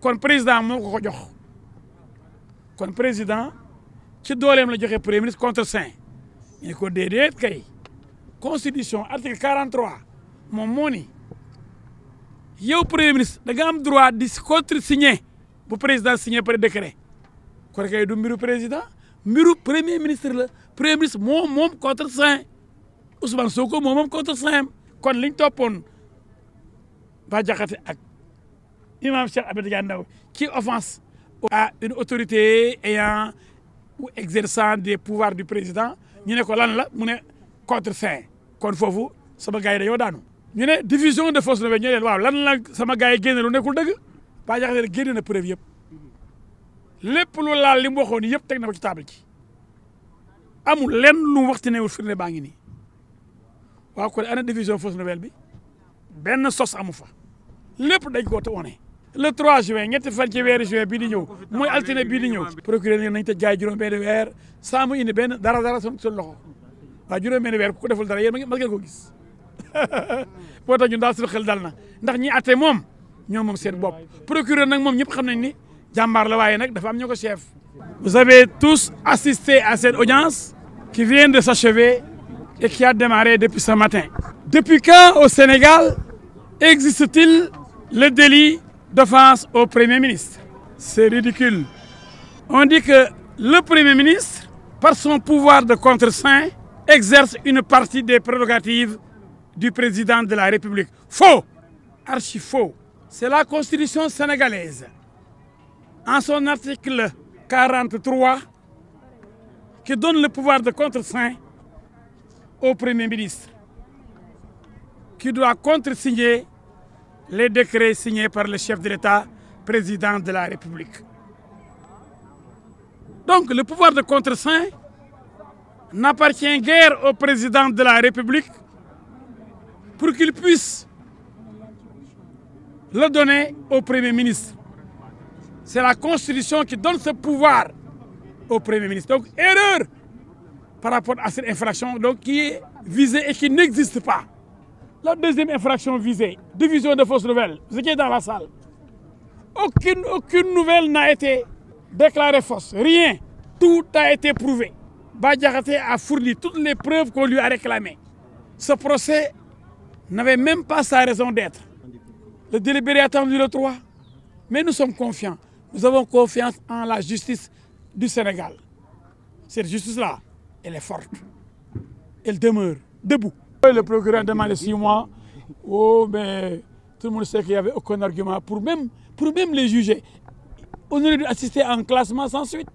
kon président presidente ko ko jox kon président ci dooleem la joxe premier ministre contre cinq ñu ko déedéet kay constitution article 43 moom moo ni yow premier ministre da nga am droit di contre signé bu président signé par décret kon kay du mbiru président mbiru premier ministre la premier ministre moom moom contre cinq Ousmane Sonko moom contre cinq kon liñ toppoon ba jaxate ak. Imam Cheikh Abed qui offense à une autorité ayant ou exerçant des pouvoirs du président nous ko lan la contre fin kon vous, sama gars yi ne de force lan la sama gars yi lu lépp lu laal li mu waxoon na ci table ci amul lenn lu waxti newul firne baa ngi nii waaw ana division fausse nouvelle bi amu fa dañ le 3 juin ñetti fan ci weeru juin bii di ñëw muy altine bii di ñëw procureur ne nañ tëj gaay juróom benn weer saa mu indi benn dara dara sun sun loxo waaw juróom benn weer ku ko deful dara yéen mas ngeen ko gis boo tax ñun daal suñu xel dal na ndax ñi atte moom ñoom moom seen bopp procureur nag moom ñëpp xam nañ ni jàmbaar la waaye nag dafa am ñoo ko chef vous avez tous assisté à cette audience qui vient de s'achever et qui a démarré depuis ce matin depuis quand au Sénégal existe-t-il le délit d'offense au Premier ministre. C'est ridicule. On dit que le Premier ministre, par son pouvoir de contre-saint, exerce une partie des prérogatives du président de la République. Faux Archi faux. C'est la constitution sénégalaise. En son article 43, qui donne le pouvoir de contre-saint au Premier ministre, qui doit contre-signer les décrets signés par le chef de l'État, président de la République. Donc le pouvoir de contre-saint n'appartient guère au président de la République pour qu'il puisse le donner au Premier ministre. C'est la Constitution qui donne ce pouvoir au Premier ministre. Donc erreur par rapport à cette infraction donc, qui est visée et qui n'existe pas. La deuxième infraction visée, division de fausses nouvelles, vous étiez dans la salle. Aucune, aucune nouvelle n'a été déclarée fausse, rien. Tout a été prouvé. Badiakate a fourni toutes les preuves qu'on lui a réclamées. Ce procès n'avait même pas sa raison d'être. Le délibéré attendu le 3. Mais nous sommes confiants. Nous avons confiance en la justice du Sénégal. Cette justice-là, elle est forte. Elle demeure debout. Le procureur a demandé six mois. Oh, mais tout le monde sait qu'il n'y avait aucun argument pour même, pour même les juger. On aurait dû assister à un classement sans suite.